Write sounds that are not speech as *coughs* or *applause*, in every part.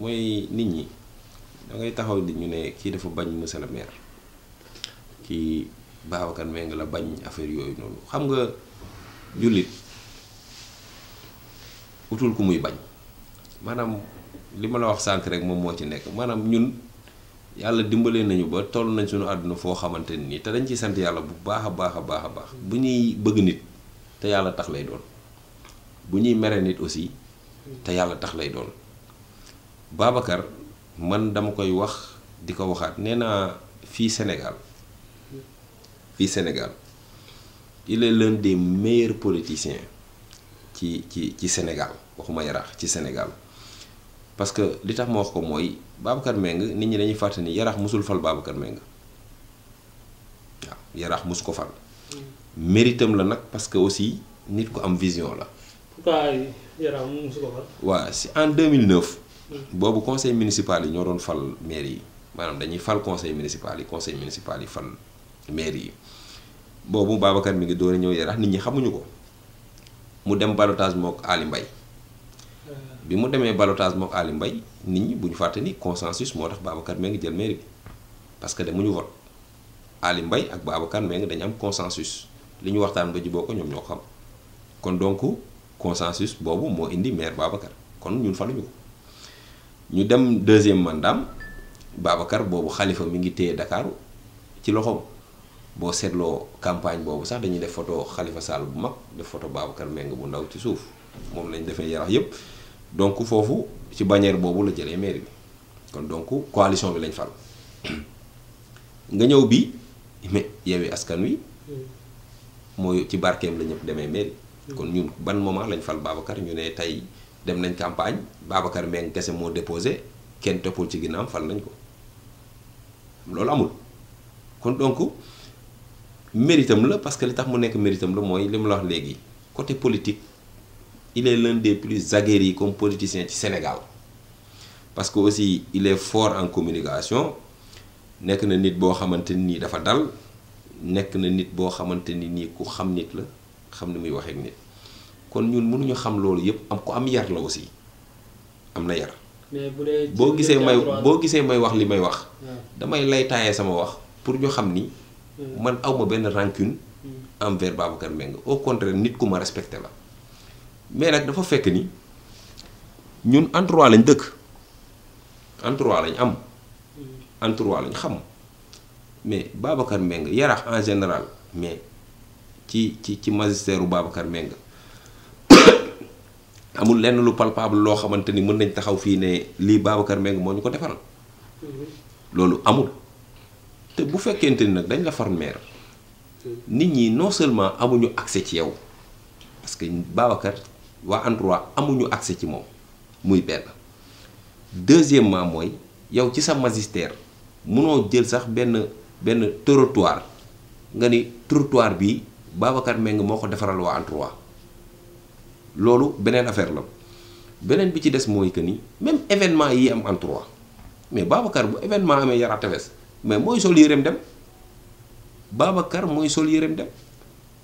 mooy nit ñi da ngay taxaw nit ñu ne kii dafa bañ monsieur le maire kii Babacar Mbengue la bañ affaire yooyu noonu xam nga jullit utul ku muy bañ maanaam li ma la wax sànq rek moom moo ci nekk maanaam ñun yàlla dimbalee nañu ba toll nañ suñu àdduna foo xamante ni nii te dañ ciy sant yàlla bu baax a baax a baax a baax bu ñuy bëgg nit te yàlla tax lay doon bu ñuy mere nit aussi te yàlla tax lay doon. Babacar man dama koy wax diko waxat Sénégal Sénégal il est l'un des meilleurs politiciens qui qui ci Sénégal waxuma ci Sénégal parce que li tax mo wax ko moy Babacar Meng nit ñi dañuy ni musul fal Babacar Meng Il mus ko fal. la parce que aussi nit ko am vision la. pourquoi yaraax mus ko en 2009. boobu conseil municipal yi doon fal maire yi maanaam dañuy fal conseil municipal yi conseil municipal yi fal maire yi boobu Babacar mi ngi doon ñëw yarax nit ñi xamuñu ko mu dem balotage mok Ali Mbaye bi mu demee balotage mok Ali Mbaye nit ñi bu ñu ni consensus moo tax mi ngi jël mairie bi parce que demuñu vote Ali Mbaye ak Babacar mi ngi dañu am consensus li ñu waxtaan ba juboo ko ñoom ñoo xam kon donc consensus boobu moo indi maire Babacar kon ñun faluñu ko. ñu dem deuxième mandaam Babacar boobu xalifa mi ngi téye Dakar ci loxoom boo seetloo campagne boobu sax dañuy def foto xalifa Sall bu mag def photo Babacar Mbengue bu ndaw ci suuf moom lañ defee yarax yëpp donc foofu ci bannière boobu la jëlee mairie bi kon donc coalition bi lañ fal *clears throat* nga ñëw bi mais Yewwi Askan Wi mm. mooy ci barkeem la ñëpp demee mairie mm. kon ñun ban moment lañ fal Babacar ñu ne tey dem nañ campagne Babacar meng kese mo déposé kenn toppul ci ginnaam fal nañ ko lolu amul kon donc méritam la parce que li tax mu nek méritam la moy li la wax légui côté politique il est l'un des plus aguerris comme politicien ci Sénégal parce que aussi il est fort en communication nek na nit bo xamante ni dafa dal nek na nit bo xamante ni ku xam nit la xam ni muy waxee ak nit kon ñun mënuñu xam loolu yëpp am ku am yar la aussi am na yar. mais bu boo gisee may boo gisee may wax li may wax. Ah. damay lay taayee sama wax pour ñu xam ni. Hmm. man awma benn rancune. Hmm. envers Babacar Mbengue au contraire nit ku ma respecté la. mais nag dafa fekk ni ñun entroit lañ dëkk entroit lañ am. Hmm. endroit lañ xam mais Babacar Mbengue yarax en général mais ci ci ci magistère u Babacar amul lenn lu palpable loo xamante ni mën nañ taxaw fii ne lii Babacar Mbengue moo ñu ko defaral loolu amul te bu fekkente ni nag dañ la far maire nit ñi non seulement amuñu accès ci yow parce que Babacar waa endroit amuñu accès ci moom muy benn deuxièmement mooy yow ci sa magistère munoo jël sax benn benn trottoir nga ni trottoir bi Babacar Mbengue moo ko defaral waa endroit loolu beneen affaire la beneen bi ci des mooy que ni même événement yi am en mais Babacar bu événement amee Yara Tefes mais mooy sol yéreem dem Babacar mooy sol yéreem dem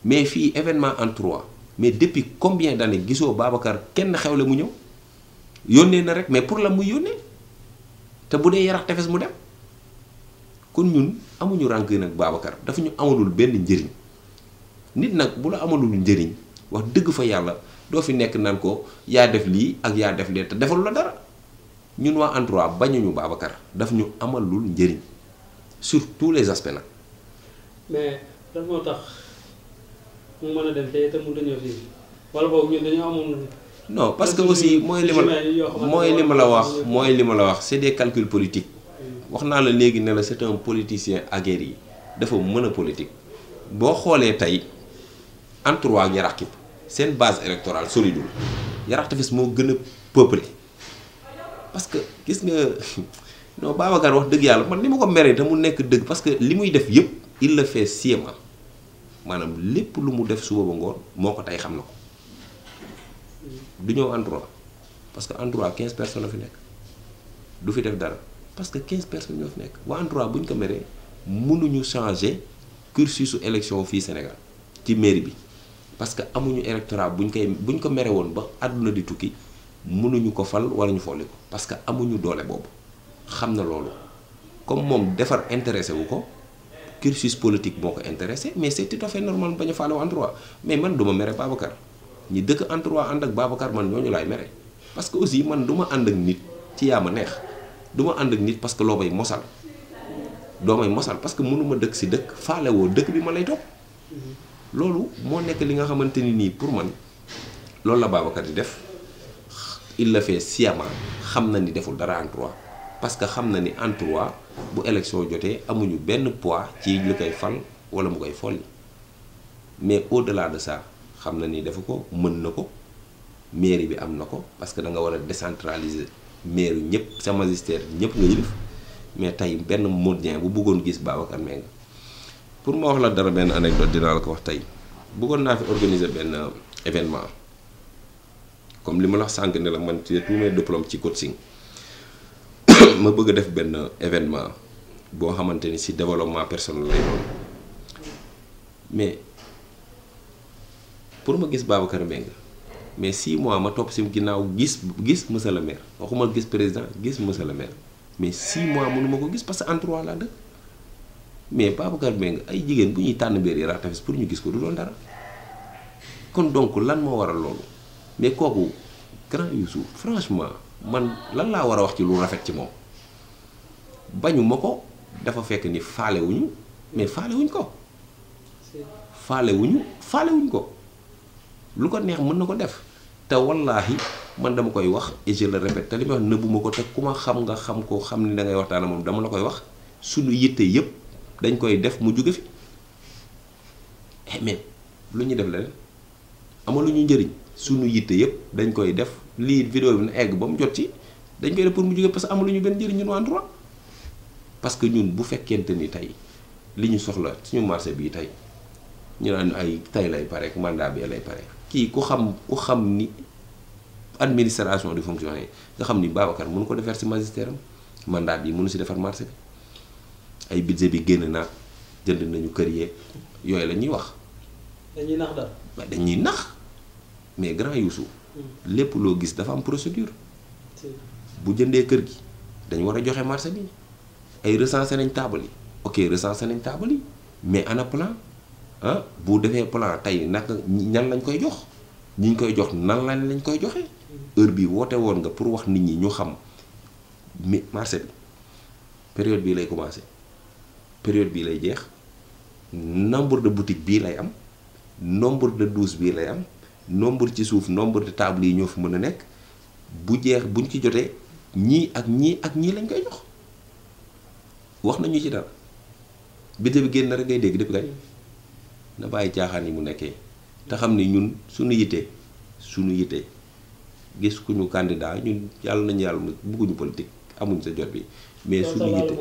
mais fii événement en trois mais depuis combien d'années gisoo Babacar kenn xewle mu ñëw yónnee na rek mais pour la muy yónnee te bu dee Yarax Tefes mu dem kon ñun amuñu rancune nag Babacar dafa ñu amalul benn njëriñ nit nag bu la amalul njëriñ. wax dëgg fa yàlla doo fi nekk nan ko yaa def lii ak yaa def lee te defalu la dara ñun waa en trois bañuñu Babacar daf ñu amalul njëriñ sur tous les aspects nag. mais lan moo tax mu mën a dem te itam mënut a ñëw fii wala boobu ñun dañoo amoon. non parce que aussi mooy li ma mooy li ma la wax mooy li ma la wax c'est des calculs politiques hmm. wax naa la léegi ne la c'est un politicien aguerri yi dafa mën a politique boo xoolee tey. entre waa Yarax képp seen base électorale solide wul Yarax Tefes mo gën a peuplé parce que gis nga *laughs* non Babacar wax dëgg yàlla man ni ma ko meree te mu nekk dëgg parce que li muy def yëpp il le fait sciemment maanaam lépp lu mu def suba ba ngoon moo ko tey xam na ko du ñëw endroit parce que endroit 15 personnes la fi nekk du fi def dara parce que 15 personnes ñoo fi nekk waa endroit bu ñu ko meree mënuñu changer cursus élection Sénégal ci mairie bi. parce que amuñu électorat buñ koy buñ ko mere woon ba àdduna di tukki mënuñu ko fal wala ñu folli ko parce que amuñu doole boobu xam na loolu comme moom defar intéressé wu ko cursus politique moo ko intéressé mais c'est tout à fait normal bañ a faale wu endroit mais man duma ma mere Babacar ñi dëkk endroit ànd ak Babacar man ñu laay mere parce que aussi man duma ànd ak nit ci yaa ma neex du ma ànd ak nit parce que loo may mosal doo may mosal parce que mënuma dëkk si dëkk faale dëkk bi ma lay topp loolu moo nekk li nga xamante ni nii pour man loolu la Babacar di def il le fait sciemment xam na ni deful dara entroit droit parce que xam na ni en bu élection jotee amuñu benn pois ci ñu koy fal wala mu koy folli mais au delà de ça xam na ni defu ko mën na ko mairie bi am na ko parce que da nga war a décentraliser maire ñëpp sa magistère ñëpp nga yilif mais tey benn modien bu bëggoon gis Babacar Mbengue pour ma wax la dara benn anecdote dinaa la ko wax tey bëggoon naa fi organiser benn euh, événement comme li ma la wax sànq ne la man ci tous mes diplômes ci coaching *coughs* ma bëgg a def benn euh, événement boo xamante ni si développement personnel lay doon mais pour ma gis Babacar Mbengue mais six mois ma topp si ginnaaw gis gis monsieur le maire waxuma gis président gis monsieur le maire mais si mois mënuma ko gis parce que en trois laa dëkk mais Babacar Mbengue ay jigéen bu ñuy tànn mbir yi raatafis pour ñu gis ko du doon dara kon donc lan moo a loolu mais kooku grand Youssou franchement man lan laa war a wax ci lu rafet ci moom bañuma ko dafa fekk ni faale mais faale wuñ ko faale wuñu faale wuñ ko lu ko neex mën na ko def te wallaahi man dama koy wax et je le répète te li ma ko te ku ma xam nga xam ko xam ni da ngay waxtaan moom dama la koy wax suñu yitte yëpp. dañ koy def mu jóge fi eh, mais lu ñu def la leneen ñu njëriñ suñu yitte yëpp dañ koy def lii vidéo bi na egg ba mu jot ci dañ koy def pour mu jóge parce que ñu benn njëriñ ñun waa droit parce que ñun bu fekkente ni tey li ñu soxla suñu marché bii tey ñu naan ay tey lay pare mandat bi lay pare kii ku xam ku xam ni administration di fonctionner nga xam ni Babacar mënu ko defar ci magistère am mandat bi mënu ci defar marché bi ay budget bi génn naa jënd nañu kër yeeg yooyu lañuy wax. dañuy nax nax mais grand Youssou. Hmm. lépp loo gis dafa am procédure. bu jëndee kër gi dañ war a joxe marché bi ay recensé nañ taabal yi ok recensé nañ taabal yi mais ana plan ah bu defee plan tey naka ñan lañ koy jox ñi ñu koy jox nan lañ lañ koy joxe hmm. heure bi woote woon nga pour wax nit ñi ñu xam mi marché bi période bii lay commencé. période bii lay jeex nombre de boutique bii lay am nombre de douche bii lay am nombre ci suuf nombre de table yi ñoo fi mën a nekk bu jeex buñ ci jotee ñii ak ñii ak ñii lañ koy jox wax nañu ci dara bité bi génn rek ngay dégg depuis kañ na bàyyi caaxaan yi mu nekkee te xam ni ñun suñu yite suñu yite gis kuñu candidat ñun yàlla nañu yàlla bëgguñu politique amuñ sa jot bi mais suñu yite